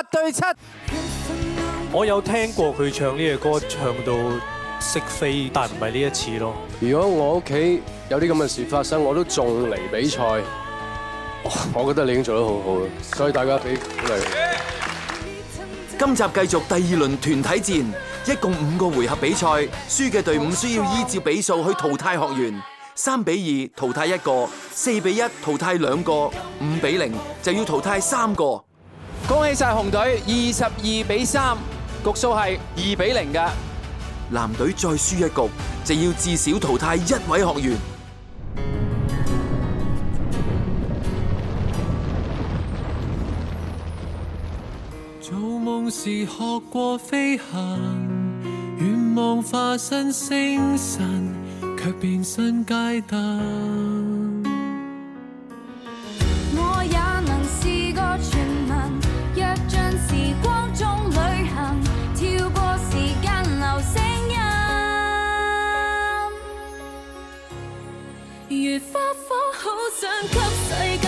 我對七，我有聽過佢唱呢嘅歌，唱到識飛，但唔係呢一次咯。如果我屋企有啲咁嘅事發生，我都仲嚟比賽。我覺得你已經做得好好啦，所以大家俾鼓勵。今集繼續第二輪團體戰，一共五個回合比賽，輸嘅隊伍需要依照比數去淘汰學員。三比二淘汰一個，四比一淘汰兩個，五比零就要淘汰三個。恭喜曬紅隊二十二比三，局數係二比零㗎。藍隊再輸一局就要至少淘汰一位學員。做夢時學過飛行，願望化身星辰，卻變身街燈。我也如花火，好想給世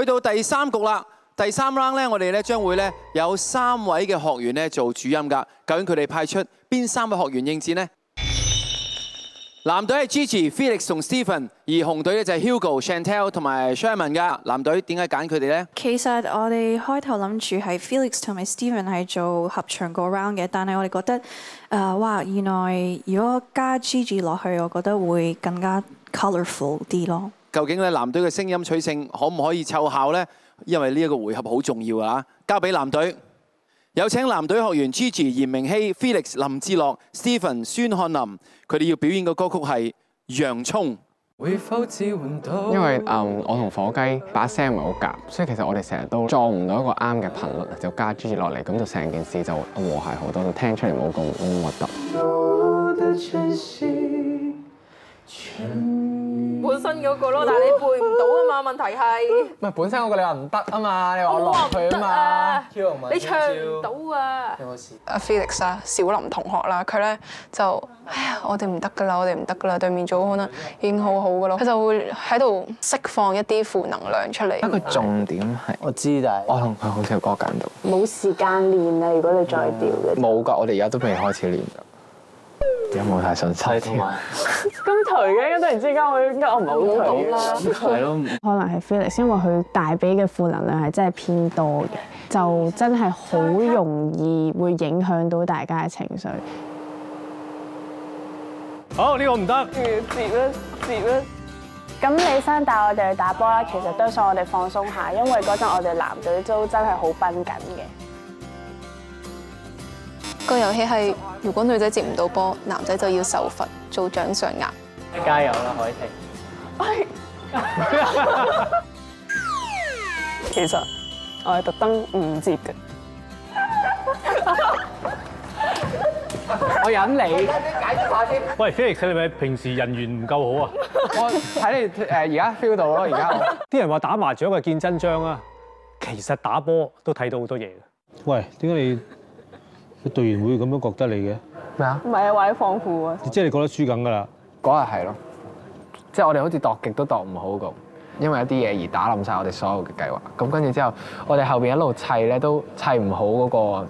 去到第三局啦，第三 round 咧，我哋咧將會咧有三位嘅學員咧做主音噶。究竟佢哋派出邊三位學員應戰呢？藍 隊係 Gigi、Felix 同 Stephen，而紅隊咧就係 Hugo Ch、Chantelle 同埋 Sherman 噶。藍隊點解揀佢哋咧？其實我哋開頭諗住係 Felix 同埋 Stephen 係做合唱個 round 嘅，但係我哋覺得誒哇，原來如果加 Gigi 落去，我覺得會更加 colourful 啲咯。究竟咧藍隊嘅聲音取勝可唔可以奏效咧？因為呢一個回合好重要啊！交俾藍隊，有請藍隊學員 Gigi、炎明熹、Felix、林智樂、Stephen、孫漢霖，佢哋要表演嘅歌曲係《洋蔥》。因為、um, 我同火雞把聲唔係好夾，所以其實我哋成日都撞唔到一個啱嘅頻率，就加 Gigi 落嚟，咁就成件事就和諧好多，都聽出嚟冇咁核突。本身嗰個咯，但係你背唔到啊嘛，問題係。唔係本身嗰個你話唔得啊嘛，你話我落佢啊嘛，你唱唔到啊。啊，Felix 啊，小林同學啦，佢咧就，哎呀，我哋唔得噶啦，我哋唔得噶啦，對面組可能已經好好噶咯，佢就會喺度釋放一啲負能量出嚟。一個重點係，我知，但係我同佢好似係過緊到冇時間練啊！如果你再調，你冇噶，我哋而家都未開始練有冇太想妻添啊？咁頹嘅， 突然之間我應該我唔係好頹啦，係咯，可能係 Felix，因為佢大髀嘅負能量係真係偏多嘅，就真係好容易會影響到大家嘅情緒。好，呢個唔得。接啦，接啦。咁李生帶我哋去打波啦，其實都想我哋放鬆下，因為嗰陣我哋男隊都真係好繃緊嘅。個遊戲係，如果女仔接唔到波，男仔就要受罰做掌上壓。加油啦，海婷！其實我係特登唔接嘅。我忍你。解釋下先。喂，Felix 你咪平時人緣唔夠好啊？我睇你誒而家 feel 到咯，而家。啲人話打麻雀係見真章啊，其實打波都睇到好多嘢嘅。喂，點解你？隊員會咁樣覺得你嘅咩啊？唔係啊，話你放負啊！即係你覺得輸緊㗎啦？嗰日係咯，即係我哋好似度極都度唔好咁，因為一啲嘢而打冧晒我哋所有嘅計劃。咁跟住之後，我哋後邊一路砌咧都砌唔好嗰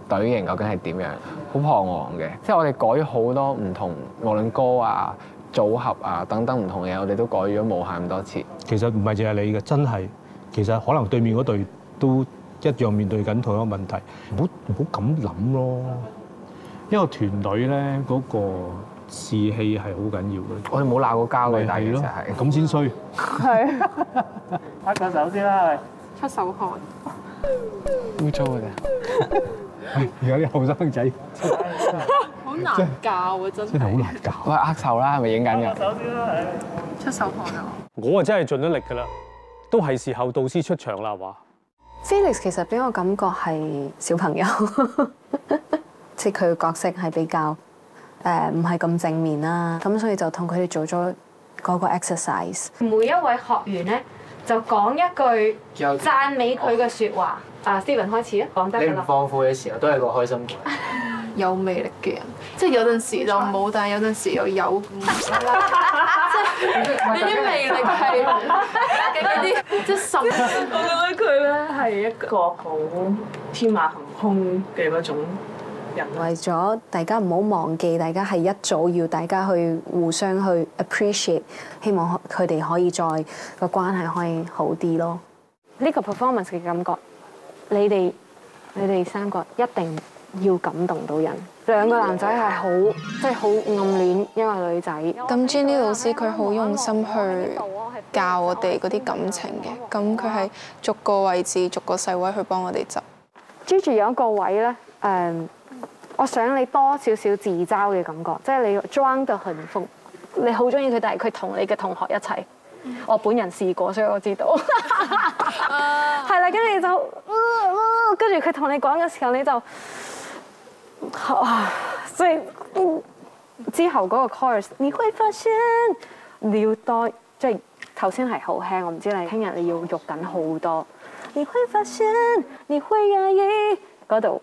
個隊形，究竟係點樣的？好彷徨嘅，即係我哋改咗好多唔同，無論歌啊、組合啊等等唔同嘢，我哋都改咗無限咁多次。其實唔係淨係你嘅，真係其實可能對面嗰隊都。一樣面對緊同一個問題，唔好唔好咁諗咯。因為團隊咧嗰個士氣係好緊要嘅。我哋冇鬧過交㗎，例如就係咁先衰。係握個手先啦，出手汗。污糟嘅啫！而家啲後生仔好難教啊！真係真係好難教。喂，握臭啦，係咪影緊㗎？出手汗啊！我啊真係盡咗力㗎啦，都係時候導師出場啦，係咪？Felix 其實俾我感覺係小朋友，即係佢嘅角色係比較誒唔係咁正面啦，咁所以就同佢哋做咗嗰個 exercise。每一位學員咧，就講一句讚美佢嘅説話。啊，Stephen 開始啊，講得啦。你唔放負嘅時候，都係個開心嘅人，的人，有魅力嘅人。即係有陣時有就冇，是，但係有陣時又有咁。即係你啲魅力係幾多啲？即係十。我覺得佢咧係一個好天馬行空嘅嗰種。為為咗大家唔好忘記，大家係一早要大家去互相去 appreciate，希望佢哋可以再個關係可以好啲咯。呢個 performance 嘅感覺，你哋你哋三個一定要感動到人。兩個男仔係好即係好暗戀因為女仔。咁 Jenny 老師佢好用心去教我哋嗰啲感情嘅，咁佢係逐個位置逐個細位去幫我哋執。Gigi 有一個位咧，誒我想你多少少自嘲嘅感覺，即係你裝個幸福。你好中意佢，但係佢同你嘅同學一齊。我本人試過，所以我知道 對。係啦，跟住就，跟住佢同你講嘅時候，你就嚇，即係之後嗰個 chorus，你會發現你要多，即係頭先係好輕，我唔知你聽日你要喐緊好多你。你會發現，你會願意嗰度。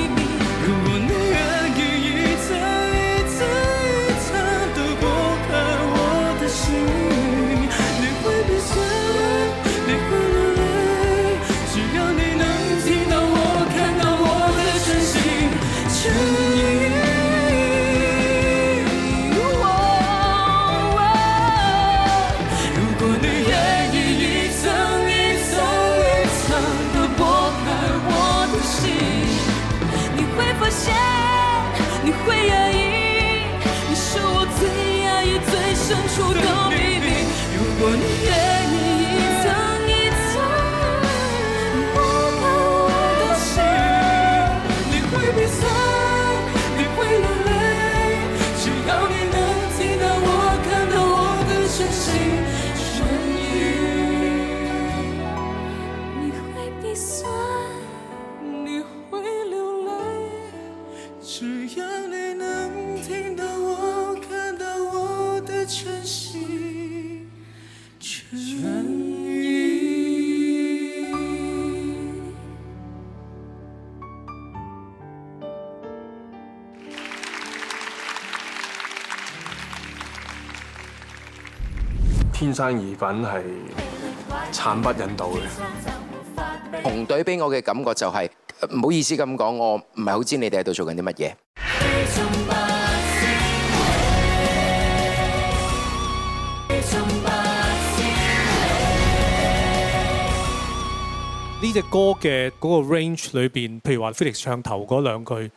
天生意粉係慘不忍睹嘅。紅隊俾我嘅感覺就係，唔好意思咁講，我唔係好知你哋喺度做緊啲乜嘢。呢隻歌嘅嗰個 range 裏邊，譬如話，Felix 唱頭嗰兩句。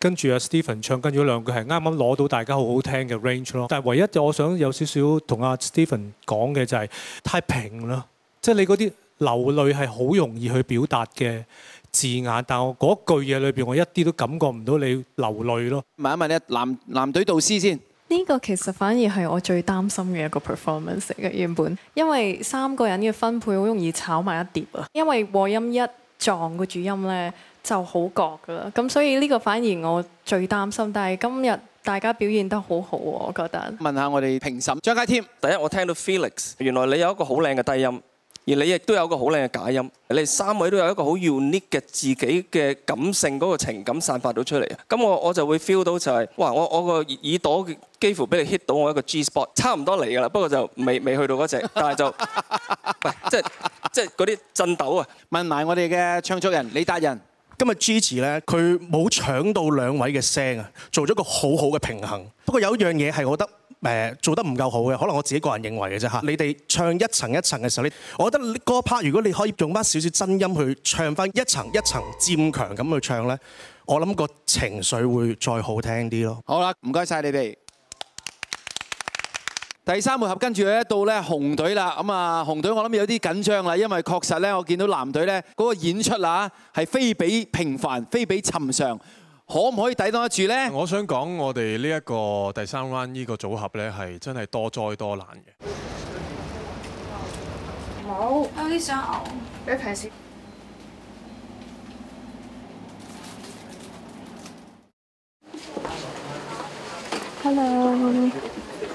跟住阿 Stephen 唱，跟住兩句係啱啱攞到大家好好聽嘅 range 咯。但係唯一就我想有少少同阿 Stephen 講嘅就係太平啦，即係你嗰啲流淚係好容易去表達嘅字眼，但我嗰句嘢裏邊我一啲都感覺唔到你流淚咯。問一問你男男隊導師先，呢個其實反而係我最擔心嘅一個 performance 嘅原本，因為三個人嘅分配好容易炒埋一碟啊，因為和音一撞個主音咧。就好覺噶啦，咁所以呢個反而我最擔心。但係今日大家表現得好好喎，我覺得。問下我哋評審張佳添，第一我聽到 Felix，原來你有一個好靚嘅低音，而你亦都有個好靚嘅假音。你哋三位都有一個好 unique 嘅自己嘅感性嗰個情感散發到出嚟啊！咁我我就會 feel 到就係，哇！我我個耳朵幾乎俾你 hit 到我一個 G spot，差唔多嚟噶啦，不過就未未去到嗰隻，但係就唔係即係即係嗰啲震抖啊！問埋我哋嘅唱作人李達人。今日 Gigi 呢，佢冇搶到兩位嘅聲啊，做咗個好好嘅平衡。不過有一樣嘢係我覺得、呃、做得唔夠好嘅，可能我自己個人認為嘅啫。你哋唱一層一層嘅時候，你我覺得歌 part 如果你可以用翻少少真音去唱返一層一層漸強咁去唱呢，我諗個情緒會再好聽啲囉。好啦，唔該晒你哋。第三回合，跟住咧到咧紅隊啦，咁啊紅隊，我諗有啲緊張啦，因為確實咧，我見到藍隊咧嗰個演出啊，係非比平凡，非比尋常，可唔可以抵擋得住咧？我想講、這個，我哋呢一個第三 round 呢個組合咧，係真係多災多難嘅。好有啲想嘔。俾平時。Hello。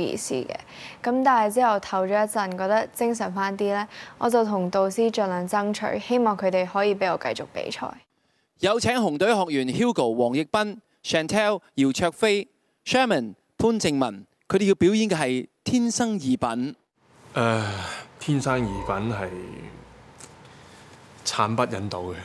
意思嘅，咁但係之後唞咗一陣，覺得精神翻啲呢，我就同導師盡量爭取，希望佢哋可以俾我繼續比賽。有請紅隊學員 Hugo、黃奕斌、Chantelle、姚焯菲、Sherman、潘靜文，佢哋要表演嘅係《天生異品》。誒、uh,，的天《天生異品》係慘不忍睹嘅。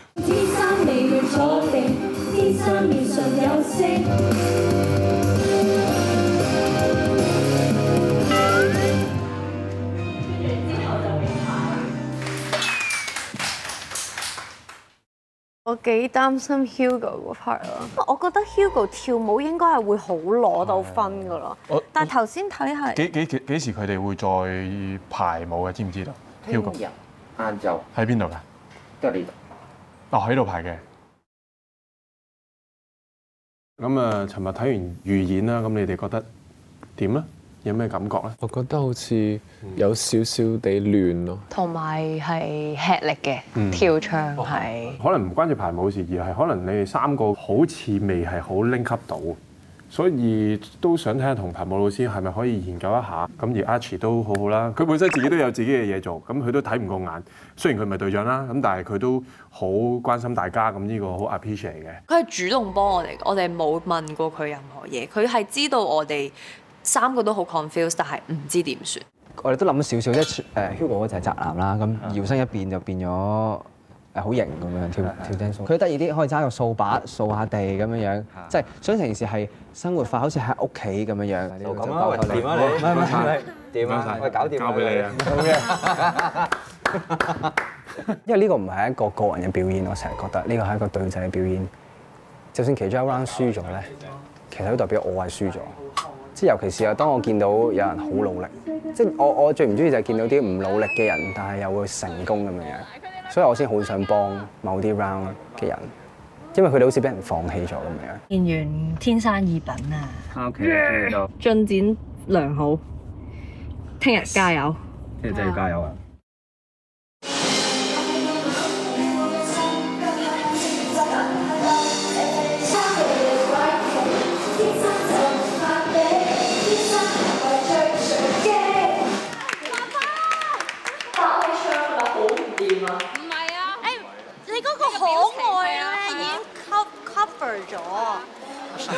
我幾擔心 Hugo 嗰排啊！我覺得 Hugo 跳舞應該係會好攞到分噶啦。但係頭先睇係幾幾幾幾時佢哋會再排舞嘅？知唔知道天？Hugo 晏晝喺邊度噶？都係呢度。哦，喺度排嘅。咁啊，尋日睇完預演啦，咁你哋覺得點咧？有咩感覺咧？我覺得好似有少少地亂咯，啊，同埋係吃力嘅、嗯、跳唱係、哦、可能唔關住排舞事，而係可能你哋三個好似未係好 link up 到，所以都想睇下同排舞老師係咪可以研究一下。咁而阿 Archie 都好好啦，佢本身自己都有自己嘅嘢做，咁佢都睇唔過眼。雖然佢唔係隊長啦，咁但係佢都好關心大家，咁呢個好 appreciate 嘅。佢係主動幫我哋，我哋冇問過佢任何嘢，佢係知道我哋。三個都好 confused 但係唔知點算。我哋都諗少少，一誒 Hugo 就係宅男啦，咁搖身一變就變咗誒好型咁樣，跳跳精掃。佢得意啲，可以揸個掃把掃下地咁樣樣，即係想成時係生活化，好似喺屋企咁樣樣。好，咁啊，點啊你？唔該點搞掂，俾你啊！因為呢個唔係一個個人嘅表演，我成日覺得呢個係一個對象嘅表演。就算其中一 round 輸咗咧，其實都代表我係輸咗。即係尤其是啊，當我見到有人好努力，即係我我最唔中意就係見到啲唔努力嘅人，但係又會成功咁樣樣，所以我先好想幫某啲 round 嘅人，因為佢哋好似俾人放棄咗咁樣。練完天生異品啊，OK，進展良好，聽日加油，聽日真係要加油啊！咗，好彩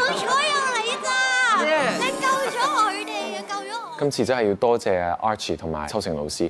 有你咋！你救咗佢哋，又救咗我。今次真係要多謝 Archie 同埋秋成老師。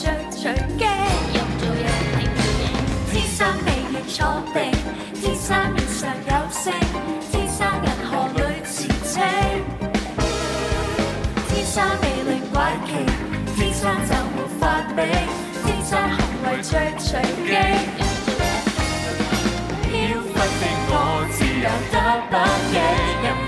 最隨機，天生魅力坐定，天生面上有星，天生人何里自稱。天生魅力怪奇，天生就沒法比，天生行為最隨機。飄忽的我自由得不羈。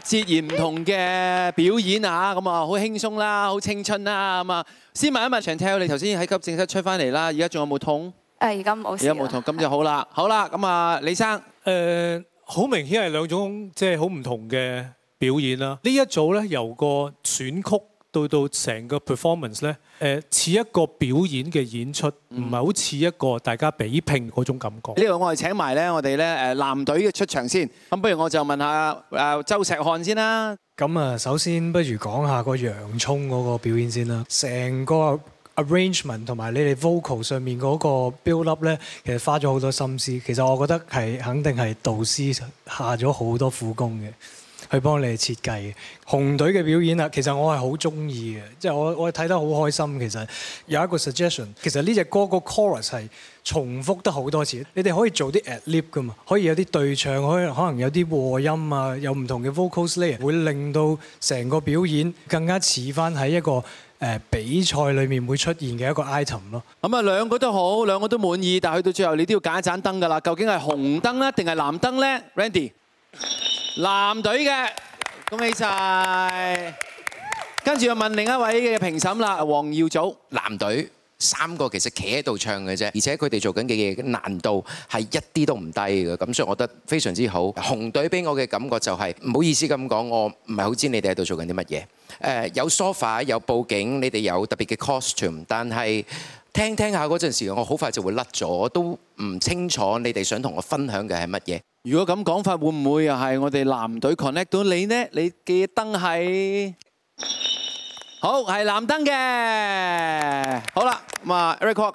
截然唔同嘅表演啊！咁啊，好輕鬆啦，好青春啦，咁啊，先問一問 Chantel，你頭先喺急症室出翻嚟啦，而家仲有冇痛？誒，而家冇事，而家冇痛，咁就好啦。是的 好啦，咁啊，李生誒，好明顯係兩種即係好唔同嘅表演啦。呢一組咧，由個選曲，到到成個 performance 咧，誒似一個表演嘅演出，唔係好似一個大家比拼嗰種感覺。呢度我哋請埋咧，我哋咧誒藍隊嘅出場先。咁不如我就問下誒周石漢先啦。咁啊，首先不如講下個洋葱嗰個表演先啦。成個 arrangement 同埋你哋 vocal 上面嗰個 build up 咧，其實花咗好多心思。其實我覺得係肯定係導師下咗好多苦功嘅。去幫你哋設計嘅紅隊嘅表演啦，其實我係好中意嘅，即係我我睇得好開心。其實有一個 suggestion，其實呢隻歌個 chorus 係重複得好多次，你哋可以做啲 ad-lib 噶嘛，可以有啲對唱，可以可能有啲和音啊，有唔同嘅 vocals 會令到成個表演更加似翻喺一個誒、呃、比賽裏面會出現嘅一個 item 咯。咁啊，兩個都好，兩個都滿意，但去到最後你都要揀一盞燈㗎啦。究竟係紅燈呢，定係藍燈呢？Randy。藍隊嘅，恭喜曬！跟住又問另一位嘅評審啦，黃耀祖，藍隊三個其實企喺度唱嘅啫，而且佢哋做緊嘅嘢難度係一啲都唔低嘅，咁所以我覺得非常之好。紅隊俾我嘅感覺就係唔好意思咁講，我唔係好知你哋喺度做緊啲乜嘢。誒，有 sofa，有佈景，你哋有特別嘅 costume，但係，聽聽下嗰陣時，我好快就會甩咗，我都唔清楚你哋想同我分享嘅係乜嘢。如果咁講法，會唔會又係我哋藍隊 connect 到你呢？你嘅燈係好係藍燈嘅。好啦，咁啊，Eric Hawk，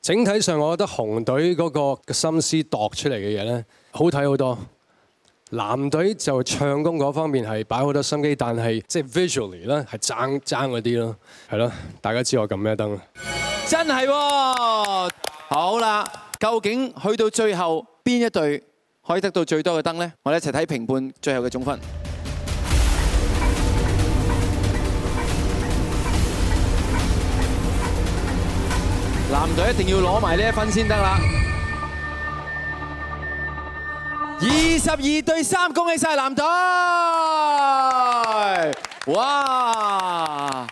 整體上我覺得紅隊嗰個嘅心思度出嚟嘅嘢咧，好睇好多。男隊就唱功嗰方面係擺好多心機，但係即係 visually 啦，係爭爭嗰啲咯，係咯，大家知我撳咩燈？真係喎、哦，好啦，究竟去到最後邊一隊可以得到最多嘅燈咧？我哋一齊睇評判最後嘅總分。 男隊一定要攞埋呢一分先得啦！二十二對三，恭喜晒藍隊！哇，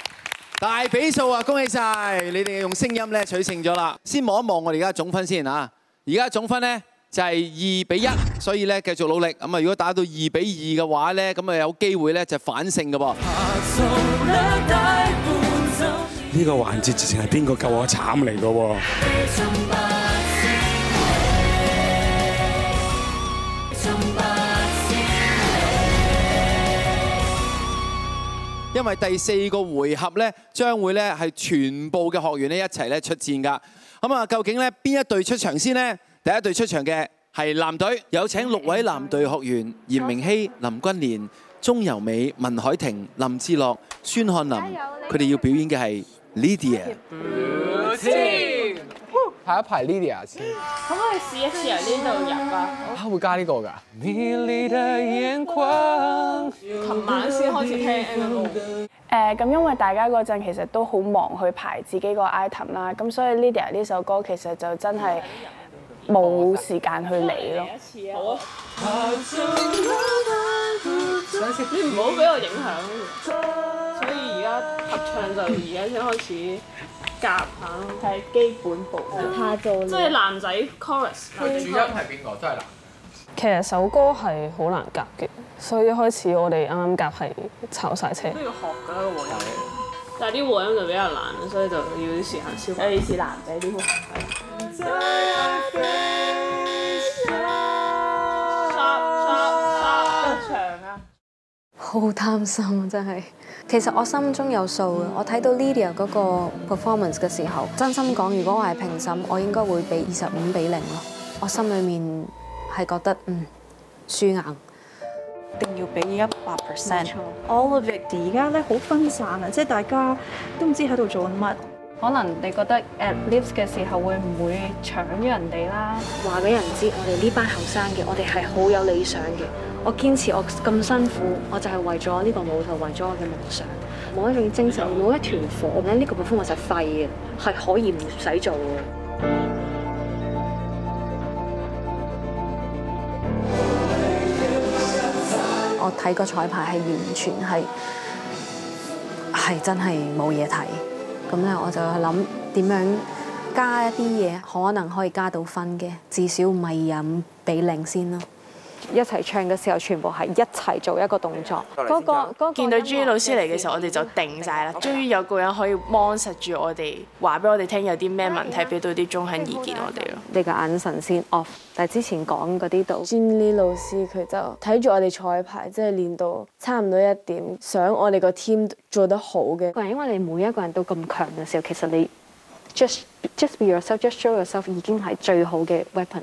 大比數啊，恭喜晒！你哋用聲音咧取勝咗啦。先望一望我哋而家總分先啊。而家總分呢，就係二比一，所以咧繼續努力。咁啊，如果打到二比二嘅話咧，咁啊有機會咧就反勝噶噃。呢個環節直情係邊個救我的慘嚟㗎？因為第四個回合呢將會呢係全部嘅學員咧一齊咧出戰噶。咁啊，究竟呢邊一隊出場先呢？第一隊出場嘅係藍隊，有請六位藍隊學員：炎對明熹、對林君蓮、鍾柔美、文海婷、林智樂、孫漢霖。佢哋要表演嘅係《Lydia》。 下一排 Lydia 先，可唔可以試一次由呢度入了啊？嚇會加呢個㗎？琴晚先開始聽 M V 誒，咁因為大家嗰陣其實都好忙去排自己個 item 啦，咁所以 Lydia 呢首歌其實就真係冇時間去理咯。一次啊，好啊，等等你唔好俾我影響。所以而家合唱就而家先開始。 夾緊咯，係基本步，太做。即係男仔 chorus，佢主音係邊個？真係男。其實首歌係好難夾嘅，所以一開始我哋啱啱夾係炒晒車。都要學㗎，個和音是，但係啲和音就比較難，所以就要時間消化。係以前男仔啲和音樂。長啊！好擔心啊！心真係。其實我心中有數嘅，我睇到 Lydia 嗰個 performance 嘅時候，真心講，如果我係評審，我應該會俾二十五比零咯。我心裏面係覺得，嗯，輸硬，一定要俾一百 percent。錯，All of it 而家咧好分散啊，即係大家都唔知喺度做緊乜。可能你覺得 at least 嘅時候會唔會搶咗人哋啦？話俾人知，我哋呢班後生嘅，我哋係好有理想嘅。我堅持我咁辛苦，我就係為咗呢個舞台，為咗我嘅夢想。冇一種精神，冇一團火咧，呢、這個部分我就係廢嘅，係可以唔使做嘅。我睇個彩排係完全係，係真係冇嘢睇。咁咧，我就諗點樣加一啲嘢，可能可以加到分嘅，至少唔係二比零先囉。一齊唱嘅時候，全部係一齊做一個動作、那個。嗰、那個見、那個、到朱老師嚟嘅時候，我哋就定晒啦。了了終於有個人可以幫實住我哋，話俾我哋聽有啲咩問題，俾對到啲中肯意見我哋咯。你個眼神先 off，但之前講嗰啲度。詹利老師佢就睇住我哋彩排，即、就、係、是、練到差唔多一點，想我哋個 team 做得好嘅。個人因為你每一個人都咁強嘅時候，其實你 just just be yourself, just show yourself 已經係最好嘅 weapon。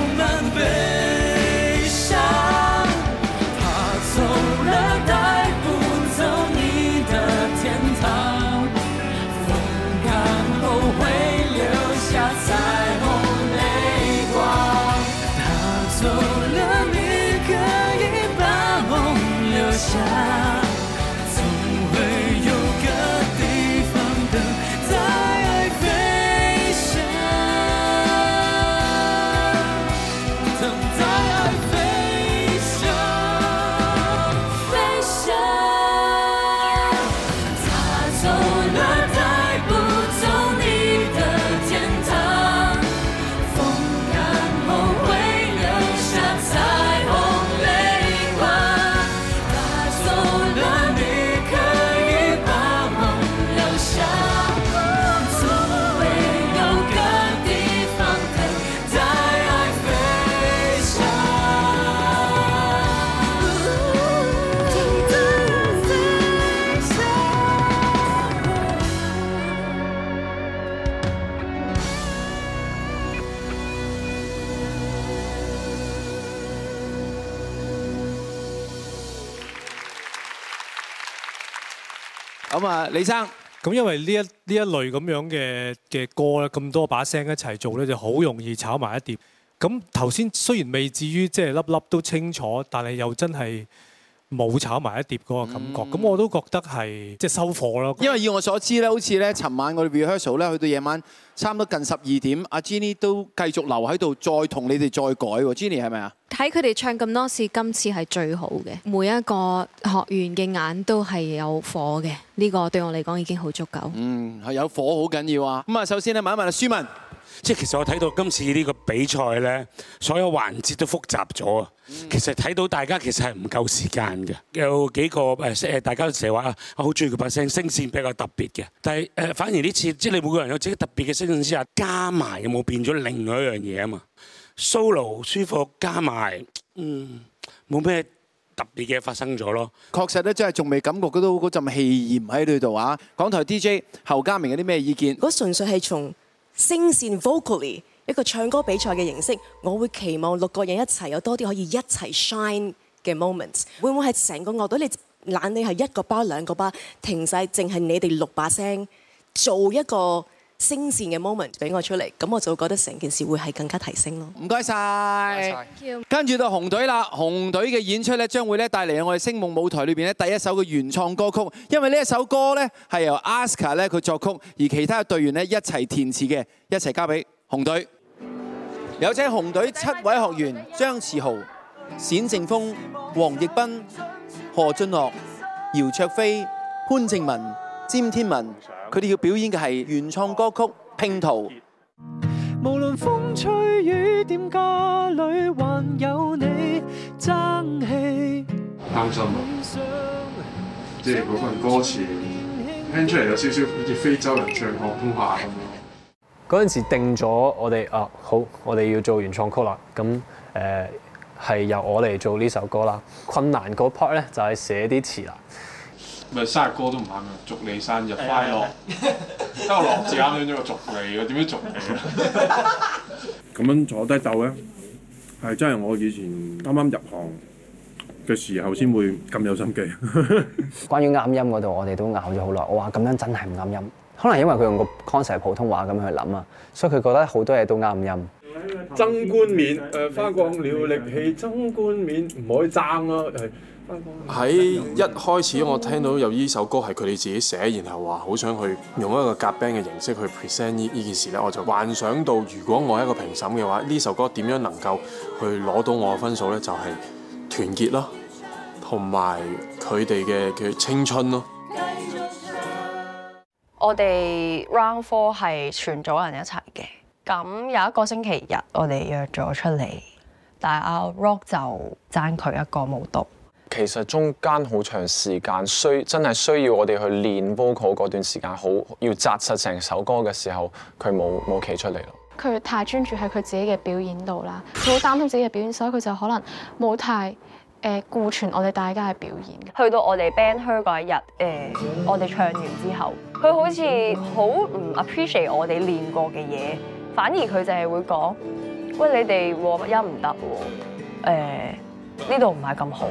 咁啊，李生，咁因為呢一呢一類咁樣嘅嘅歌咧，咁多把聲一齊做咧，就好容易炒埋一碟。咁頭先雖然未至於即係粒粒都清楚，但係又真係，冇炒埋一碟嗰個感覺，咁、嗯、我都覺得係即係收貨咯。因為以我所知咧，好似咧，尋晚我哋 rehearsal 咧，去到夜晚差唔多近十二點，阿 Jenny 都繼續留喺度，再同你哋再改。Jenny 係咪啊？睇佢哋唱咁多次，今次係最好嘅。每一個學員嘅眼都係有火嘅，呢、呢個對我嚟講已經好足夠。嗯，係有火好緊要啊！咁啊，首先咧，問一問阿舒文。即係其實我睇到今次呢個比賽咧，所有環節都複雜咗啊！其實睇到大家其實係唔夠時間嘅，有幾個誒誒，大家成日話啊，我好中意佢把聲，聲線比較特別嘅。但係誒，反而呢次即係你每個人有自己特別嘅聲線之下，加埋有冇變咗另外一樣嘢啊嘛？Solo 舒服加埋，嗯，冇咩特別嘅發生咗咯。確實咧，真係仲未感覺到都嗰陣氣焰喺呢度啊！港台 DJ 侯家明有啲咩意見？我純粹係從。聲線 vocally 一個唱歌比賽嘅形式，我會期望六個人一齊有多啲可以一齊 shine 嘅 moments，會唔會係成個樂隊你懶你係一個巴兩個巴停曬，淨係你哋六把聲做一個？星閃嘅 moment 俾我出嚟，咁我就會覺得成件事會係更加提升咯。唔該曬，跟住到紅隊啦，紅隊嘅演出呢，將會咧帶嚟我哋星夢舞台裏邊咧第一首嘅原創歌曲，因為呢一首歌呢，係由 Aska 呢佢作曲，而其他嘅隊員咧一齊填詞嘅，一齊交俾紅隊。有請紅隊七位學員張志豪、冼正峰、黃奕斌、何晉樂、姚焯菲、潘靜文、詹天文，佢哋要表演嘅係原創歌曲《拼圖》。無論風吹雨點，家裏還有你爭氣。擔心啊，即係嗰份歌詞聽出嚟有少少好似非洲人唱普通話咁樣。嗰陣時定咗我哋啊，好，我哋要做原創曲啦。咁誒係由我嚟做呢首歌啦。困難嗰 part 咧就係寫啲詞啦。生日歌都唔啱㗎，祝你生日快樂。得個樂字啱咗個祝你，個點樣祝嚟？咁 樣坐低鬥咧，係真係我以前啱啱入行嘅時候先會咁有心機、嗯。關於啱音嗰度，我哋都拗咗好耐。我話咁樣真係唔啱音，可能因為佢用個 concept 普通話咁去諗啊，所以佢覺得好多嘢都啱音。爭冠冕，誒、呃、花光了力氣，爭冠冕唔可以爭啊！喺一開始，我聽到有呢首歌係佢哋自己寫，然後話好想去用一個夾 band 嘅形式去 present 呢呢件事咧，我就幻想到如果我係一個評審嘅話，呢首歌點樣能夠去攞到我嘅分數呢？就係團結咯，同埋佢哋嘅叫青春咯。我哋 Round Four 係全組人一齊嘅，咁有一個星期日我哋約咗出嚟，但係阿 Rock 就爭佢一個冇到。其實中間好長時間需真係需要我哋去練 vocal 嗰段時間，好要紮實成首歌嘅時候，佢冇冇企出嚟咯。佢太專注喺佢自己嘅表演度啦，佢好擔心自己嘅表演，所以佢就可能冇太誒顧全我哋大家嘅表演。去到我哋 band her 嗰一日，誒、mm hmm. 我哋唱完之後，佢好似好唔 appreciate 我哋練過嘅嘢，反而佢就係會講：「喂，你哋和音唔得喎，呃呢度唔係咁好，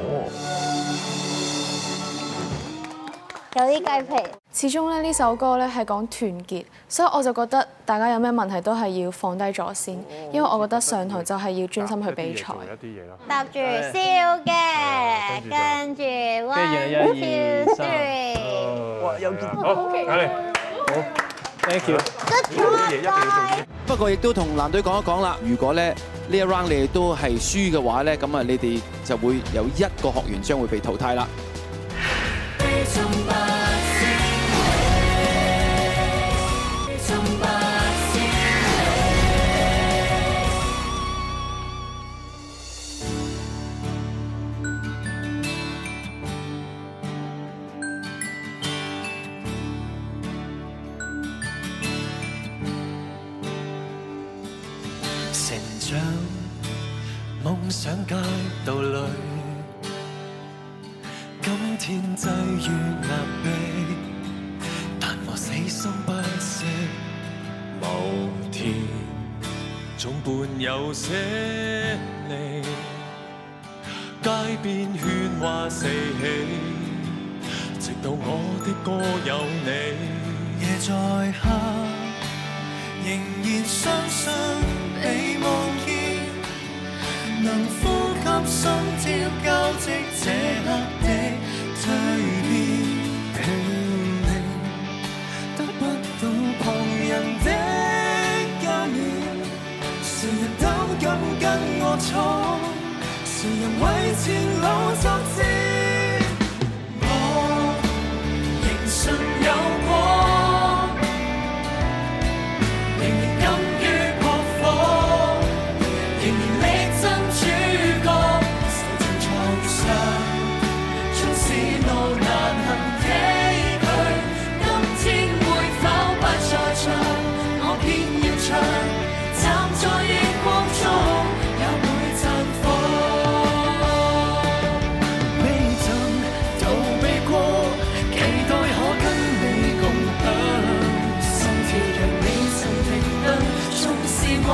有啲雞皮。始終咧呢首歌咧係講團結，所以我就覺得大家有咩問題都係要放低咗先，因為我覺得上台就係要專心去比賽。搭住笑嘅，跟住 one two three，好，好，thank you。不過亦都同藍隊講一講啦，如果咧。呢一 round 你哋都係輸嘅話咧，咁啊你哋就會有一個學員將會被淘汰啦。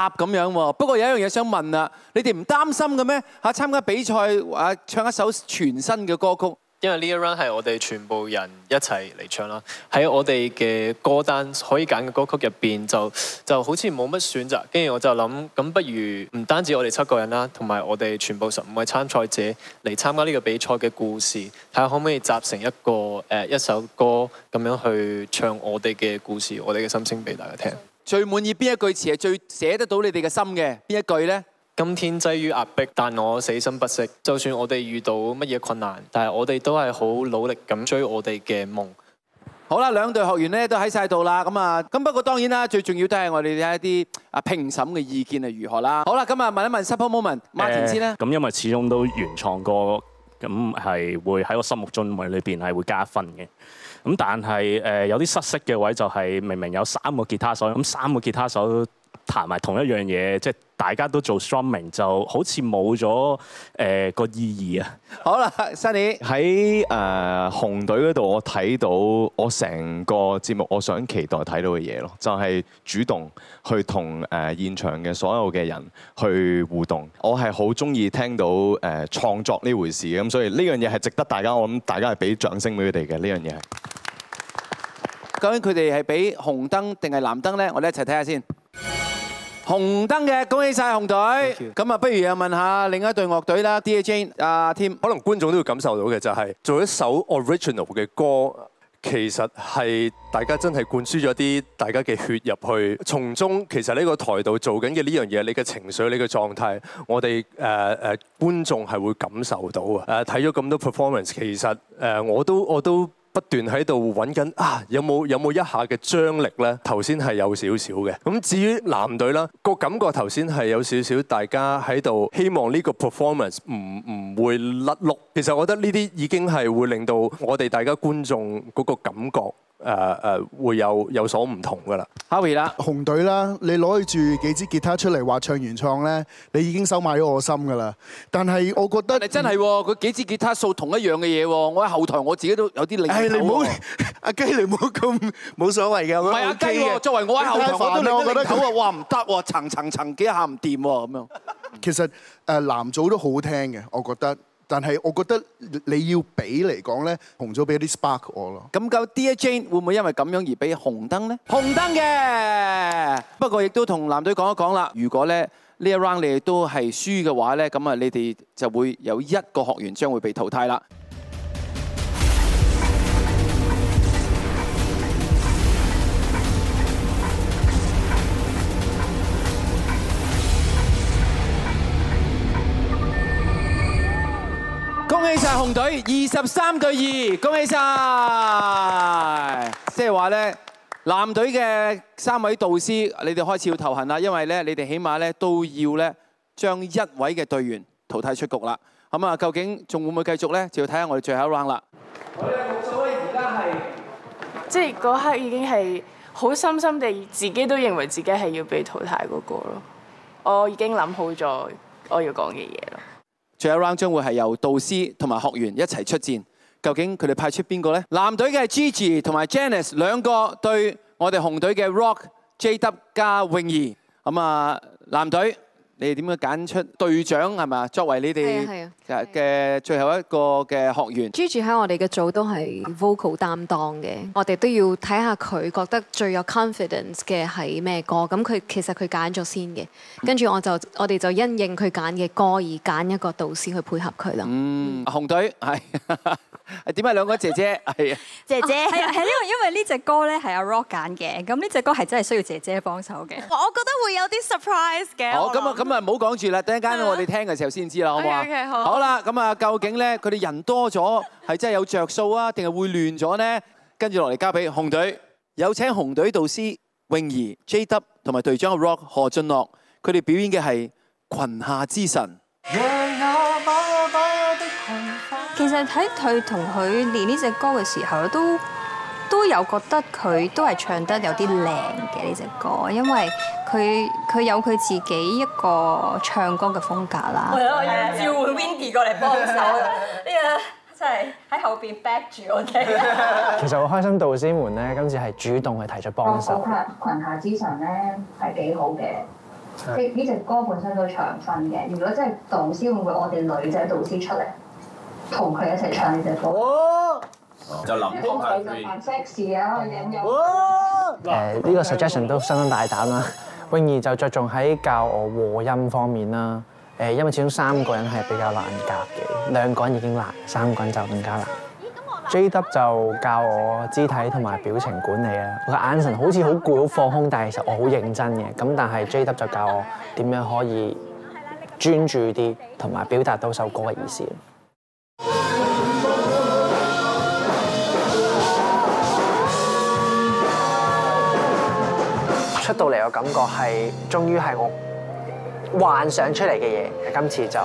答咁樣不過有一樣嘢想問啊，你哋唔擔心嘅咩？嚇參加比賽啊，唱一首全新嘅歌曲。因為呢一 round 係我哋全部人一齊嚟唱啦，喺我哋嘅歌單可以揀嘅歌曲入邊，就就好似冇乜選擇。跟住我就諗，咁不如唔單止我哋七個人啦，同埋我哋全部十五位參賽者嚟參加呢個比賽嘅故事，睇下可唔可以集成一個誒一首歌咁樣去唱我哋嘅故事，我哋嘅心聲俾大家聽。最滿意邊一句詞係最寫得到你哋嘅心嘅邊一句咧？今天擠於壓迫，但我死心不息。就算我哋遇到乜嘢困難，但係我哋都係好努力咁追我哋嘅夢。好啦，兩隊學員咧都喺晒度啦。咁啊，咁不過當然啦，最重要都係我哋一啲啊評審嘅意見係如何啦。好啦，咁啊問一問 Supper Moment 馬田先啦。咁一因為始終都原創歌，咁係會喺我心目中喎裏邊係會加分嘅。咁但係誒有啲失色嘅位就係明明有三個吉他手，咁三個吉他手。談埋同一樣嘢，即係大家都做 streaming，就好似冇咗誒個意義啊！好啦，Sunny 喺誒紅隊嗰度，我睇到我成個節目，我想期待睇到嘅嘢咯，就係主動去同誒現場嘅所有嘅人去互動。我係好中意聽到誒創作呢回事嘅，咁所以呢樣嘢係值得大家，我大家們們，我諗大家係俾掌聲俾佢哋嘅呢樣嘢係。究竟佢哋係俾紅燈定係藍燈咧？我哋一齊睇下先。紅燈嘅，恭喜晒紅隊！咁啊，不如又問下另一隊樂隊啦，DJ 阿添，Jane, uh, team 可能觀眾都會感受到嘅就係、是、做一首 original 嘅歌，其實係大家真係灌輸咗啲大家嘅血入去，從中其實呢個台度做緊嘅呢樣嘢，你嘅情緒、你嘅狀態，我哋誒誒觀眾係會感受到啊！睇咗咁多 performance，其實誒我都我都。我都不斷喺度揾緊啊，有冇有冇一下嘅張力呢？頭先係有少少嘅。咁至於藍隊啦，個感覺頭先係有少少大家喺度希望呢個 performance 唔唔會甩碌。其實我覺得呢啲已經係會令到我哋大家觀眾嗰個感覺。誒誒會有有所唔同嘅啦，Harry 啦，紅、uh, uh, 隊啦，你攞住幾支吉他出嚟話唱原創咧，你已經收買咗我心嘅啦。但係我覺得，你真係佢、啊嗯、幾支吉他數同一樣嘅嘢、啊，我喺後台我自己都有啲領到。你唔好，阿雞你唔好咁冇所謂嘅。唔係阿雞喎、啊，作為我喺後台你都我你覺得，我話唔得喎，層層層幾下唔掂喎，咁樣。嗯、其實誒藍、啊、組都好聽嘅，我覺得。但係，我覺得你要俾嚟講咧，紅咗俾啲 spark 我咯。咁究竟 DJ 會唔會因為咁樣而俾紅燈咧？紅燈嘅。 不過亦都同藍隊講一講啦。如果咧呢一 round 你哋都係輸嘅話咧，咁啊你哋就會有一個學員將會被淘汰啦。隊二十三對二，恭喜晒！即係話咧，藍隊嘅三位導師，你哋開始要頭痕啦，因為咧，你哋起碼咧都要咧將一位嘅隊員淘汰出局啦。咁啊，究竟仲會唔會繼續咧？就要睇下我哋最後一 round 啦。我咧，冇所謂而家係即係嗰刻已經係好深深地，自己都認為自己係要被淘汰嗰個咯。我已經諗好咗我要講嘅嘢咯。最後 round 將會係由導師同埋學員一齊出戰，究竟佢哋派出邊個呢？藍隊嘅係 Gigi 同埋 Janice 兩個對我哋紅隊嘅 Rock、JW 加泳兒，咁啊藍隊。你哋點樣揀出隊長係嘛？作為你哋嘅最後一個嘅學，學員。Gigi 喺我哋嘅組都係 vocal 擔當嘅，我哋都要睇下佢覺得最有 confidence 嘅係咩歌。咁佢其實佢揀咗先嘅，跟住我就我哋就因應佢揀嘅歌而揀一個導師去配合佢啦。嗯，紅隊係點解兩個姐姐係啊？係姐姐係啊、哦，係 因為因為呢隻歌咧係阿 Rock 揀嘅，咁呢隻歌係真係需要姐姐幫手嘅。我覺得會有啲 surprise 嘅。咁啊咁。咁啊，唔好講住啦，等陣間我哋聽嘅時候先知啦，好唔好啊？好啦，咁啊，究竟咧佢哋人多咗，係真係有着數啊，定係會亂咗呢？跟住落嚟交俾紅隊，有請紅隊導師泳兒、J W 同埋隊長 Rock 何晉樂，佢哋表演嘅係《裙下之臣》。其實睇佢同佢練呢隻歌嘅時候都。.都有覺得佢都係唱得有啲靚嘅呢隻歌，因為佢佢有佢自己一個唱歌嘅風格啦。係咯，我要召喚 Vincy 過嚟幫手，呢個真係喺後邊 back 住我哋。其實我開心導師們咧，今次係主動去提出幫手。裙下之臣咧係幾好嘅，呢呢隻歌本身都長分嘅。如果真係導師會唔會我哋女仔導師出嚟同佢一齊唱呢隻歌？就淋湯係佢。誒呢個 suggestion 都相當大膽啦。泳兒就着重喺教我和音方面啦。誒、呃，因為始終三個人係比較難夾嘅，兩個人已經難，三個人就更加難。嗯、JW 就教我肢體同埋表情管理啊。我嘅眼神好似好攰、好放空，但係其實我好認真嘅。咁但係 JW 就教我點樣可以專注啲，同埋表達到首歌嘅意思。出到嚟嘅感覺係，終於係我幻想出嚟嘅嘢。今次就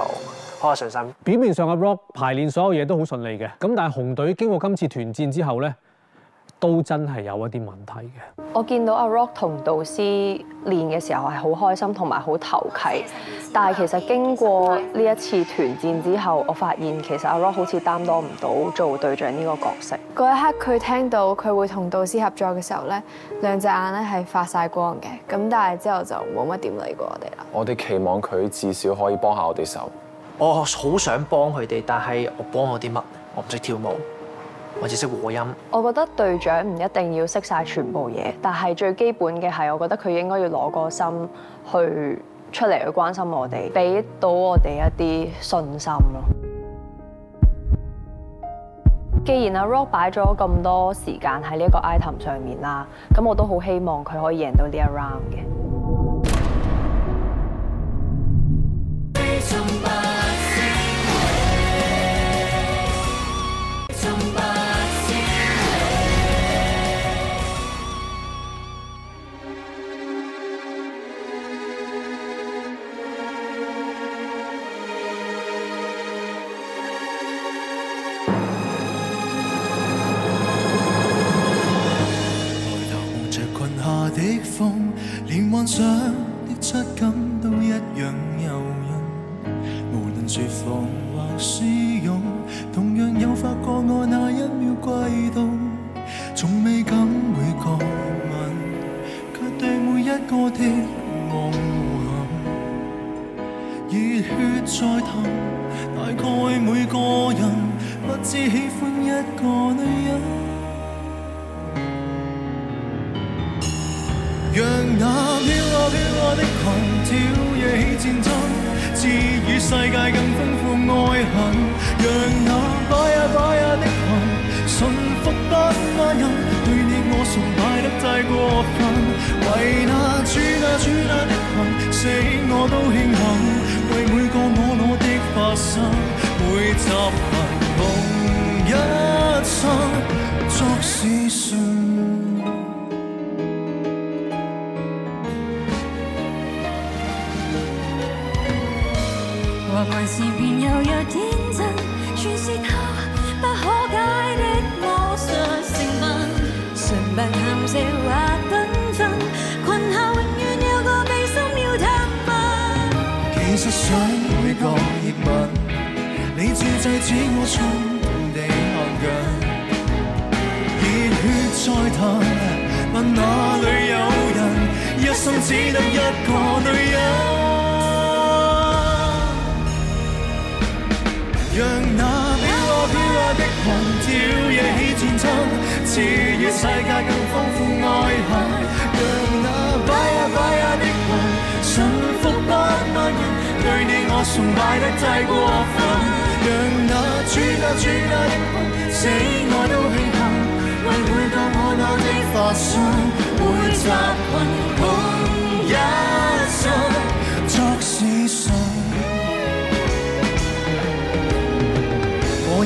好有信心。表面上嘅 rock 排練所有嘢都好順利嘅，咁但係紅隊經過今次團戰之後咧。都真係有一啲問題嘅。我見到阿 Rock 同導師練嘅時候係好開心，同埋好投契。但係其實經過呢一次團戰之後，我發現其實阿 Rock 好似擔當唔到做隊長呢個角色。嗰一刻佢聽到佢會同導師合作嘅時候咧，兩隻眼咧係發晒光嘅。咁但係之後就冇乜點理過我哋啦。我哋期望佢至少可以幫下我哋手。我好想幫佢哋，但係我幫我啲乜？我唔識跳舞。或者識和音。我覺得隊長唔一定要識晒全部嘢，但係最基本嘅係，我覺得佢應該要攞個心去出嚟，去關心我哋，俾到我哋一啲信心咯。既然阿 Rock 擺咗咁多時間喺呢個 item 上面啦，咁我都好希望佢可以贏到呢一 round 嘅。狂跳惹起戰爭，賜予世界更豐富愛恨。讓那擺呀擺呀的裙，臣服百萬人對你我崇拜得太過分。讓那轉呀轉呀的裙，死愛都慶幸，為每個婀娜的化身，每襲裙。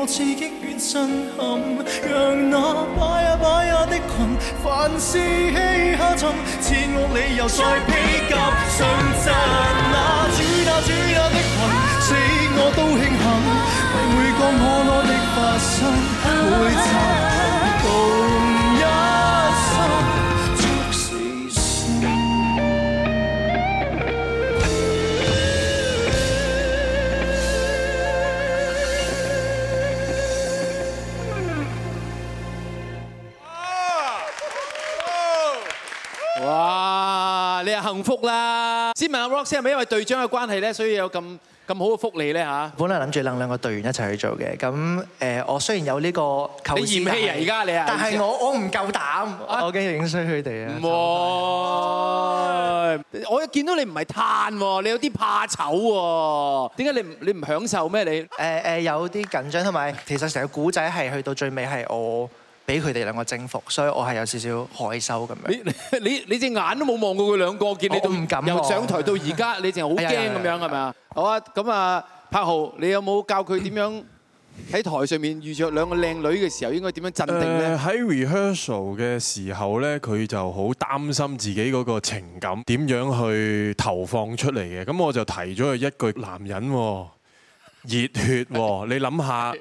我刺激越震撼，讓那擺呀擺呀的裙，凡士氣下沉，賜我理由再披甲上陣。那主打主打的裙，死我都慶幸，為每個婀娜的化身。陪幸福啦！先問阿 Rock 先，係咪因為隊長嘅關係咧，所以有咁咁好嘅福利咧嚇？本嚟諗住揾兩個隊員一齊去做嘅，咁誒，我雖然有呢個求，你嫌棄啊而家你啊？但係我我唔夠膽，我驚影衰佢哋啊！唔會，是開我一見到你唔係嘆喎，你有啲怕醜喎，點解你唔你唔享受咩你？誒誒、呃呃，有啲緊張同埋，其實成個古仔係去到最尾係我。俾佢哋兩個征服，所以我係有少少害羞咁樣。你你你隻眼都冇望過佢兩個，見你都唔敢。由上台到而家，你淨係好驚咁樣係咪？好啊，咁啊，柏豪，你有冇教佢點樣喺台上面遇著兩個靚女嘅時候應該點樣鎮定咧？喺 rehearsal 嘅時候咧，佢就好擔心自己嗰個情感點樣去投放出嚟嘅。咁我就提咗佢一句：男人喎。熱血喎！你諗下，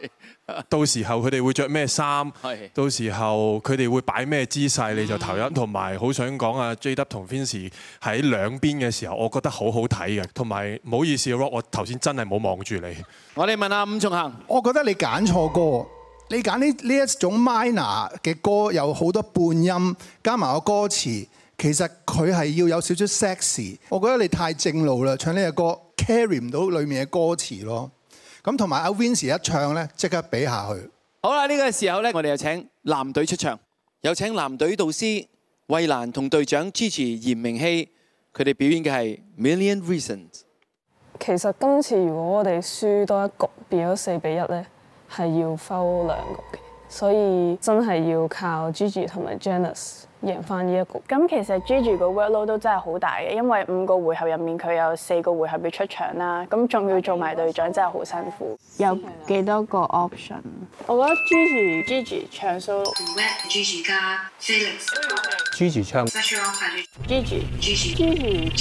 到時候佢哋會着咩衫？是的 到時候佢哋會擺咩姿勢你就投一入。同埋好想講啊，JW 同 Vincy 喺兩邊嘅時候，我覺得好好睇嘅。同埋唔好意思，Rock，我頭先真係冇望住你。我哋問下伍仲恒，我覺得你揀錯歌。你揀呢呢一種 minor 嘅歌，有好多半音，加埋個歌詞，其實佢係要有少少 sexy。我覺得你太正路啦，唱呢隻歌 carry 唔到裡面嘅歌詞咯。咁同埋阿 Vincent 一唱咧，即刻比下去。好啦，呢個時候咧，我哋有請藍隊出場，有請藍隊導師衛蘭同隊長 Gigi 炎明熹，佢哋表演嘅係 Million Reasons。其實今次如果我哋輸多一局，變咗四比一咧，係要收兩局嘅，所以真係要靠 Gigi 同埋 Janice。贏翻呢一局。咁、這個、其實 Gigi 個 workload 都真係好大嘅，因為五個回合入面佢有四個回合要出場啦，咁仲要做埋隊長真係好辛苦。有幾多個 option？我覺得 Gigi Gigi 唱數，Gigi 加 Gigi 唱，Gigi Gigi Gigi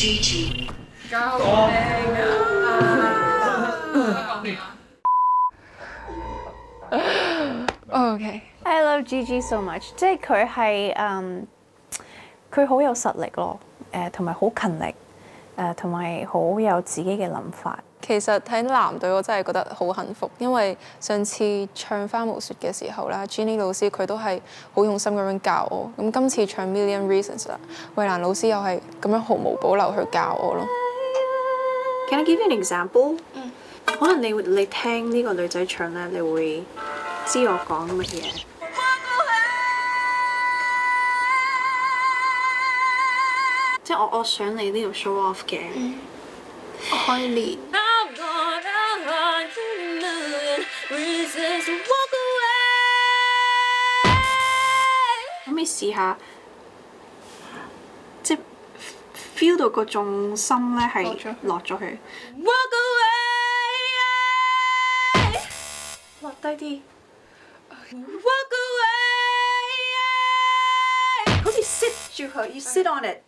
Gigi，OK I love Gigi so much，即係佢係誒，佢、嗯、好有實力咯，誒同埋好勤力，誒同埋好有自己嘅諗法。其實睇男隊，我真係覺得好幸福，因為上次唱《花無雪》嘅時候啦，Jenny 老師佢都係好用心咁樣教我。咁今次唱《Million Reasons》啦，mm hmm. 衛蘭老師又係咁樣毫無保留去教我咯。Can I give you an example？Mm hmm. 可能你你聽呢個女仔唱咧，你會知我講乜嘢。我我想你呢條 show off 嘅，嗯，開裂。可唔可以試下，即係 feel 到個重心咧係落咗去。落，了落低啲。Uh, Walk away 你 sit 住佢，你 sit on it。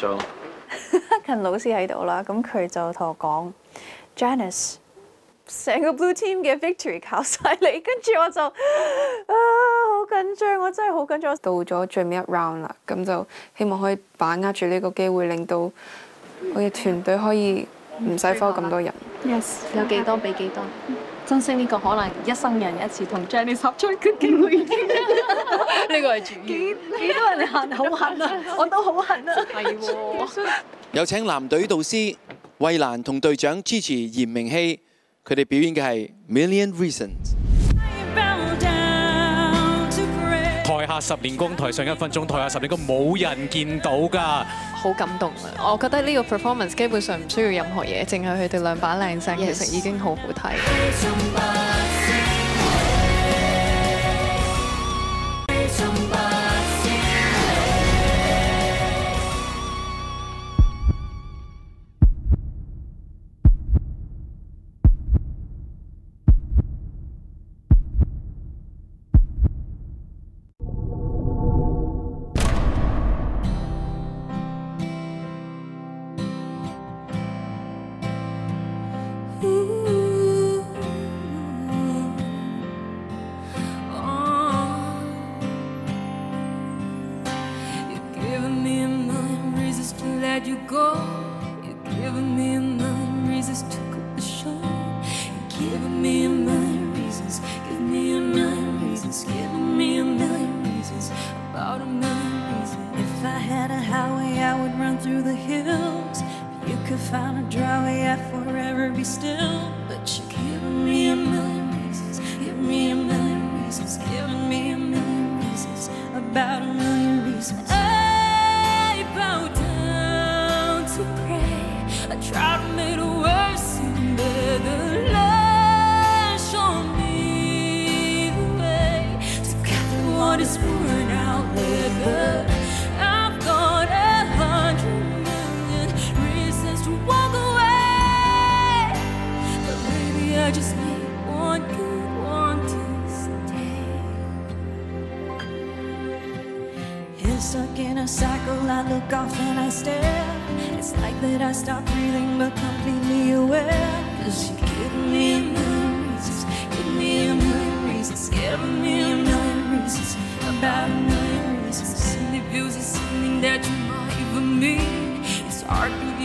近老師喺度啦，咁佢就同我講，Janice，成個 Blue Team 嘅 Victory 靠晒你，跟 住我就啊好緊張，我真係好緊張，到咗最尾一 round 啦，咁就希望可以把握住呢個機會，令到我嘅團隊可以唔使 cut 咁多人。Yes，有幾多俾幾多。珍惜呢個可能一生人一次同 Janice 合作嘅機會添，呢個係主。幾幾多人嚟行好恨啊！我都好恨啊！係喎。有請藍隊導師衛蘭同隊長 Gigi 炎明熹，佢哋表演嘅係 Million Reasons。十年功，台上一分鐘，台下十年功，冇人見到㗎。好感動啊！我覺得呢個 performance 基本上唔需要任何嘢，淨係佢哋兩把靚聲，其實已經好好睇。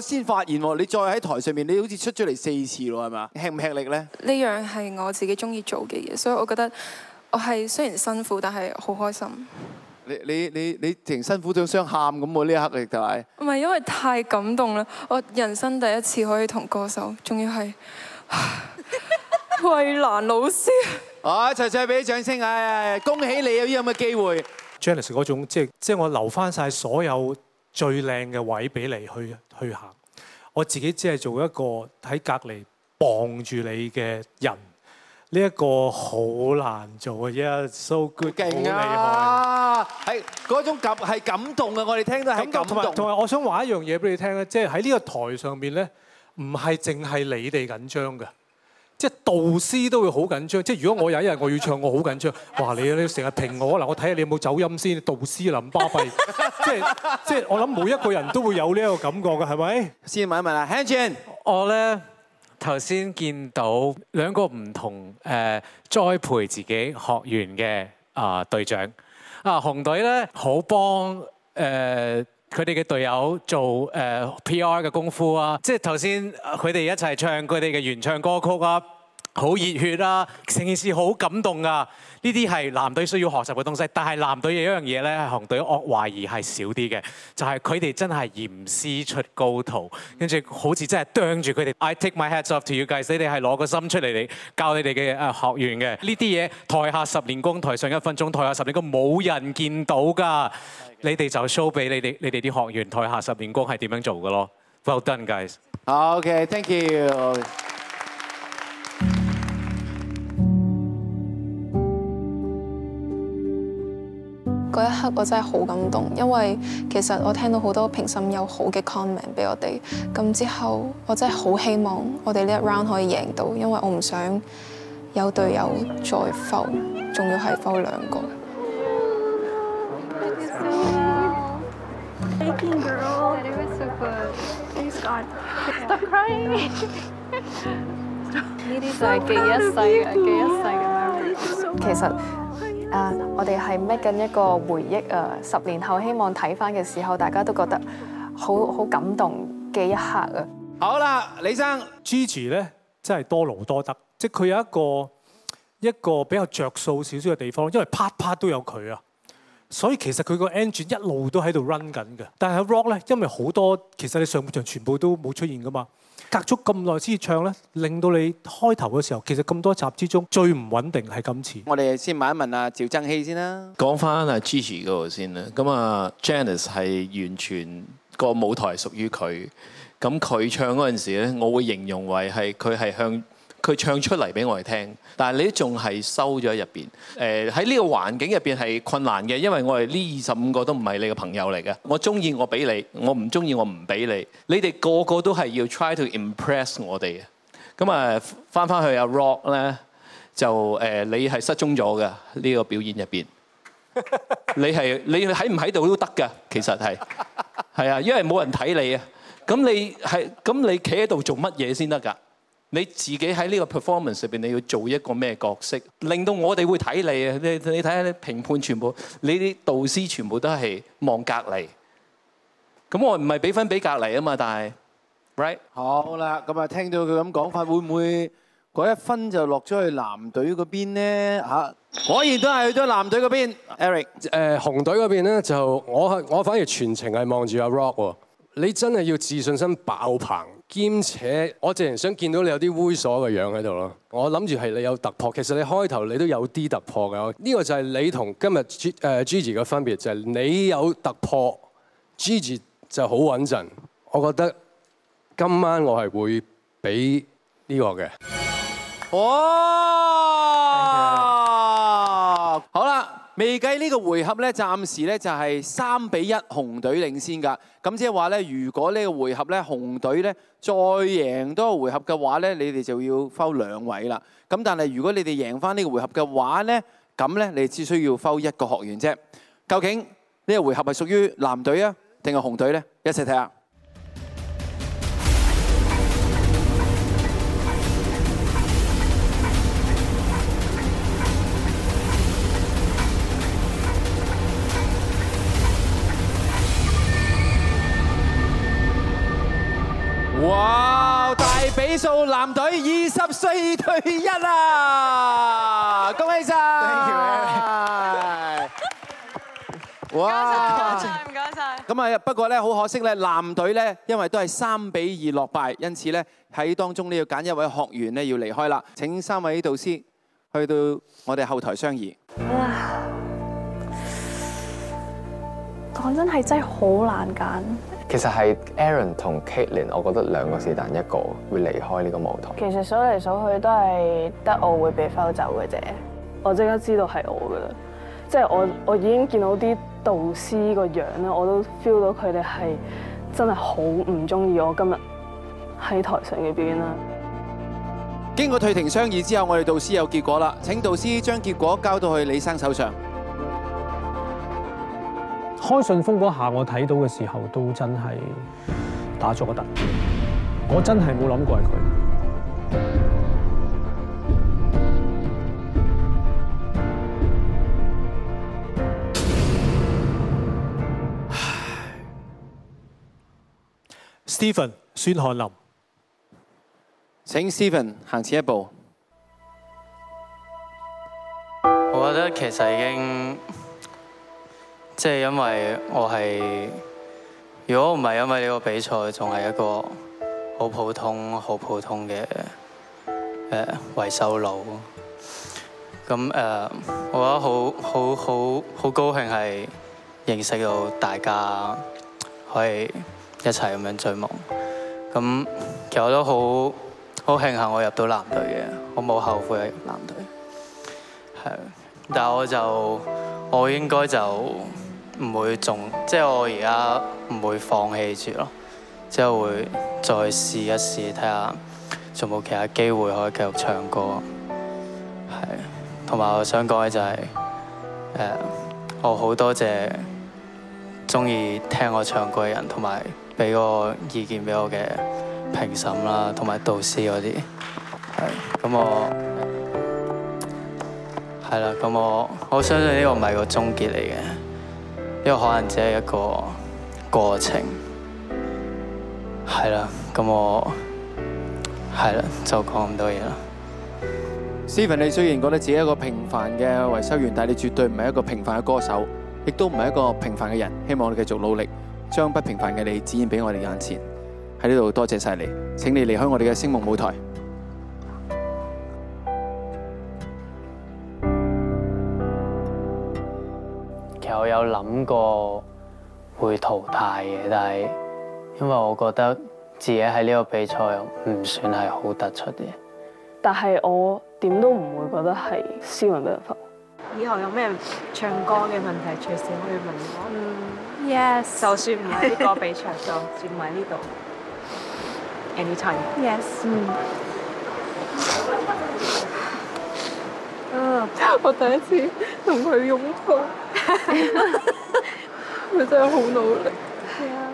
我先發現喎，你再喺台上面，你好似出咗嚟四次喎，係嘛？吃唔吃力咧？呢樣係我自己中意做嘅嘢，所以我覺得我係雖然辛苦，但係好開心。你你你你，停辛苦到想喊咁喎！呢一刻嚟就係唔係因為太感動啦？我人生第一次可以同歌手，仲要係衛蘭老師。好，一齊再俾啲掌聲！哎，恭喜你有呢咁嘅機會。Janice 嗰種即係即係，我留翻曬所有。最靚嘅位俾你去去行，我自己只係做一個喺隔離傍住你嘅人，呢一個好難做嘅嘢，so good，勁啊，係嗰種感係感動嘅，我哋聽到係感動。同埋我想話一樣嘢俾你聽咧，即係喺呢個台上面咧，唔係淨係你哋緊張㗎。即係導師都會好緊張，即係如果我有一日我要唱，我好緊張。哇！你你成日評我嗱，我睇下你有冇走音先，導師諗巴閉，即係即係我諗每一個人都會有呢一個感覺嘅，係咪？先問一問啦 h e n d j i n 我咧頭先見到兩個唔同誒栽培自己學員嘅啊隊長啊紅隊咧好幫誒。呃佢哋嘅隊友做 PR 嘅功夫啊，即係頭先佢哋一齊唱佢哋嘅原唱歌曲啊，好熱血啊，成件事好感動啊！呢啲係藍隊需要學習嘅東西，但係藍隊有一樣嘢咧，係紅隊惡懷疑係少啲嘅，就係佢哋真係嚴師出高徒，跟住、mm hmm. 好似真係啄住佢哋。I take my hats off to you guys，你哋係攞個心出嚟嚟教你哋嘅誒學員嘅。呢啲嘢台下十年功，台上一分鐘，台下十年功冇人見到㗎 Okay. 你哋就 show 俾你哋你哋啲學員台下十年功係點樣做㗎咯？Well done guys。Okay, thank you。嗰一刻我真係好感動，因為其實我聽到好多評審有好嘅 comment 俾我哋，咁之後我真係好希望我哋呢一 round 可以贏到，因為我唔想有隊友再否。仲要係否兩個。y u l 就係記一世、記一世嘅。啊！我哋係 make 緊一個回憶啊，十年後希望睇翻嘅時候，大家都覺得好好感動嘅一刻啊。好啦，李生，Gigi 咧真係多勞多得，即係佢有一個一個比較着數少少嘅地方，因為啪啪都有佢啊，所以其實佢個 engine 一路都喺度 run 緊嘅。但係 Rock 咧，因為好多其實你上半場全部都冇出現噶嘛。隔咗咁耐先唱咧，令到你開頭嘅時候，其實咁多集之中最唔穩定係今次。我哋先問一問阿趙振熙先啦。講翻阿 Gigi 嗰度先啦。咁啊，Janice 係完全、個舞台屬於佢。咁佢唱嗰陣時咧，我會形容為係佢係向。佢唱出嚟俾我哋聽，但係你仲係收咗喺入邊。誒喺呢個環境入邊係困難嘅，因為我哋呢二十五個都唔係你嘅朋友嚟嘅。我中意我俾你，我唔中意我唔俾你。你哋個個都係要 try to impress 我哋嘅。咁啊，返返去阿 Rock 咧，就誒、呃、你係失蹤咗嘅呢個表演入邊。你係你喺唔喺度都得㗎，其實係係啊，因為冇人睇你啊。咁你係咁你企喺度做乜嘢先得㗎？你自己喺呢個 performance 入面，你要做一個咩角色？令到我哋會睇你啊！你睇下，你你評判全部你啲導師全部都係望隔離，咁我唔係俾分俾隔離啊嘛！但係，Right 好啦，咁啊聽到佢咁講法，會唔會嗰一分就落咗去藍隊嗰邊呢？果然，都係去咗藍隊嗰邊。Eric，誒、呃、紅隊嗰邊咧就我我反而全程係望住阿 Rock 喎，你真係要自信心爆棚！兼且，我淨係想見到你有啲猥瑣嘅樣喺度咯。我諗住係你有突破，其實你開頭你都有啲突破嘅。呢個就係你同今日誒 Gigi 嘅分別，就係你有突破，Gigi 就好穩陣。我覺得今晚我係會俾呢個嘅。哇！未計呢個回合咧，暫時咧就係三比一紅隊領先㗎。咁即係話咧，如果呢個回合咧紅隊咧再贏多個回合嘅話咧，你哋就要拋兩位啦。咁但係如果你哋贏返呢個回合嘅話咧，咁咧你只需要拋一個學員啫。究竟呢個回合係屬於藍隊呀，定係紅隊咧？一齊睇下。隊二十四對一啊，恭喜晒！哇，唔該晒。咁啊，不過咧，好可惜咧，藍隊咧，因為都係三比二落敗，因此咧喺當中呢，要揀一位學員咧要離開啦。請三位導師去到我哋後台商議。哇，講真係真係好難揀。其實係 Aaron 同 Kaitlin，我覺得兩個是但，一個會離開呢個舞台。其實數嚟數去都係得我會被否走嘅啫，我即刻知道係我噶啦，即係我我已經見到啲導師個樣咧，我都 feel 到佢哋係真係好唔中意我今日喺台上嘅表演啦。經過退庭商議之後，我哋導師有結果啦，請導師將結果交到去李生手上。開信封嗰下，我睇到嘅時候都真係打咗個突，我真係冇諗過係佢。 Stephen，孫漢霖，請 Stephen 行前一步。我覺得其實已經。即係因為我係，如果唔係因為呢個比賽，仲係一個好普通、好普通嘅誒維修佬。咁誒，我覺得好好好好高興係認識到大家，可以一齊咁樣追夢。咁其實我都好好慶幸我入到藍隊嘅，我冇後悔入藍隊。係，但我就我應該就。唔會仲即係我而家唔會放棄住咯，即係會再試一試睇下仲冇其他機會可以繼續唱歌，係。同埋我想講嘅就係我好多謝鍾意聽我唱歌嘅人，同埋俾個意見俾我嘅評審啦，同埋導師嗰啲。係，咁我係啦，咁我我相信呢個唔係個終結嚟嘅。因為可能只係一個過程對，係啦，咁我係啦，就講咁多嘢啦。Steven，你雖然覺得自己係一個平凡嘅維修員，但你絕對唔係一個平凡嘅歌手，亦都唔係一個平凡嘅人。希望你繼續努力，將不平凡嘅你展現俾我哋眼前。喺呢度多謝晒你，請你離開我哋嘅聲夢舞台。有有諗過會淘汰嘅，但係因為我覺得自己喺呢個比賽唔算係好突出嘅，但係我點都唔會覺得係斯文不入，以後有咩唱歌嘅問題，隨時可以問我。Yes。就算唔喺呢個比賽，就算唔喺呢度，Anytime。Yes。啊，我第一次同佢擁抱。佢真係好努力。係啊，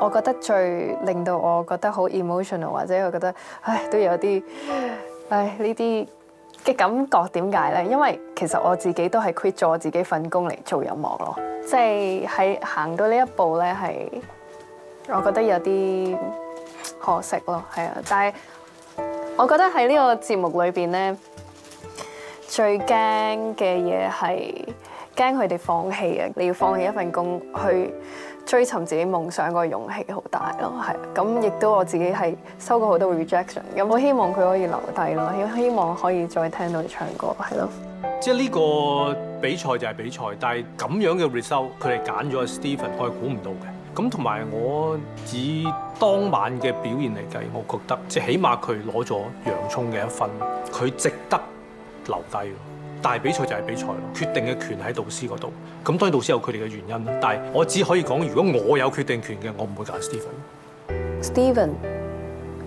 我覺得最令到我覺得好 emotional，或者我覺得唉都有啲唉呢啲嘅感覺，點解咧？因為其實我自己都係 quit 咗自己份工嚟做音樂咯，就是，即係喺行到呢一步咧，係我覺得有啲可惜咯，係啊。但係我覺得喺呢個節目裏邊咧，最驚嘅嘢係。驚佢哋放棄啊！你要放棄一份工去追尋自己夢想，嗰個勇氣好大咯，係咁亦都我自己係收過好多 rejection，咁我希望佢可以留低咯，希希望可以再聽到你唱歌，係咯。即係呢個比賽就係比賽，但係咁樣嘅 result，佢哋揀咗 Stephen，我係估唔到嘅。咁同埋我以當晚嘅表現嚟計，我覺得即係起碼佢攞咗洋葱嘅一分，佢值得留低咯。大比賽就係比賽咯，決定嘅權喺導師嗰度。咁當然導師有佢哋嘅原因啦，但係我只可以講，如果我有決定權嘅，我唔會揀 Stephen。Stephen，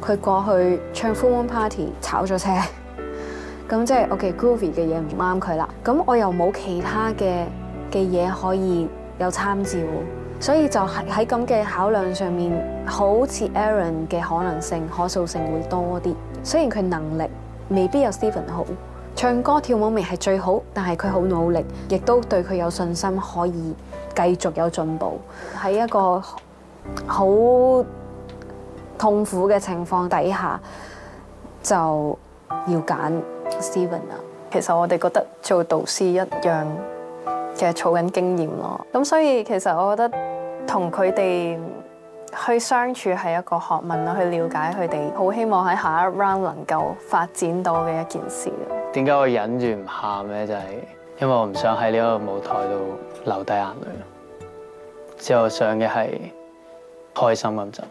佢過去唱《Full Moon Party》炒咗車，咁 即係 OK Groovy 嘅嘢唔啱佢啦。咁我又冇其他嘅嘅嘢可以有參照，所以就喺喺咁嘅考量上面，好似 Aaron 嘅可能性可塑性會多啲。雖然佢能力未必有 Stephen 好。唱歌跳舞未係最好，但係佢好努力，亦都對佢有信心，可以繼續有進步。喺一個好痛苦嘅情況底下，就要揀 Steven 啦。其實我哋覺得做導師一樣，其實儲緊經驗囉。咁所以其實我覺得同佢哋去相處係一個學問啦，去了解佢哋，好希望喺下一 round 能夠發展到嘅一件事啊。點解我忍住唔喊呢？就係因為我唔想喺呢個舞台度流低眼淚。之後想嘅係開心咁就。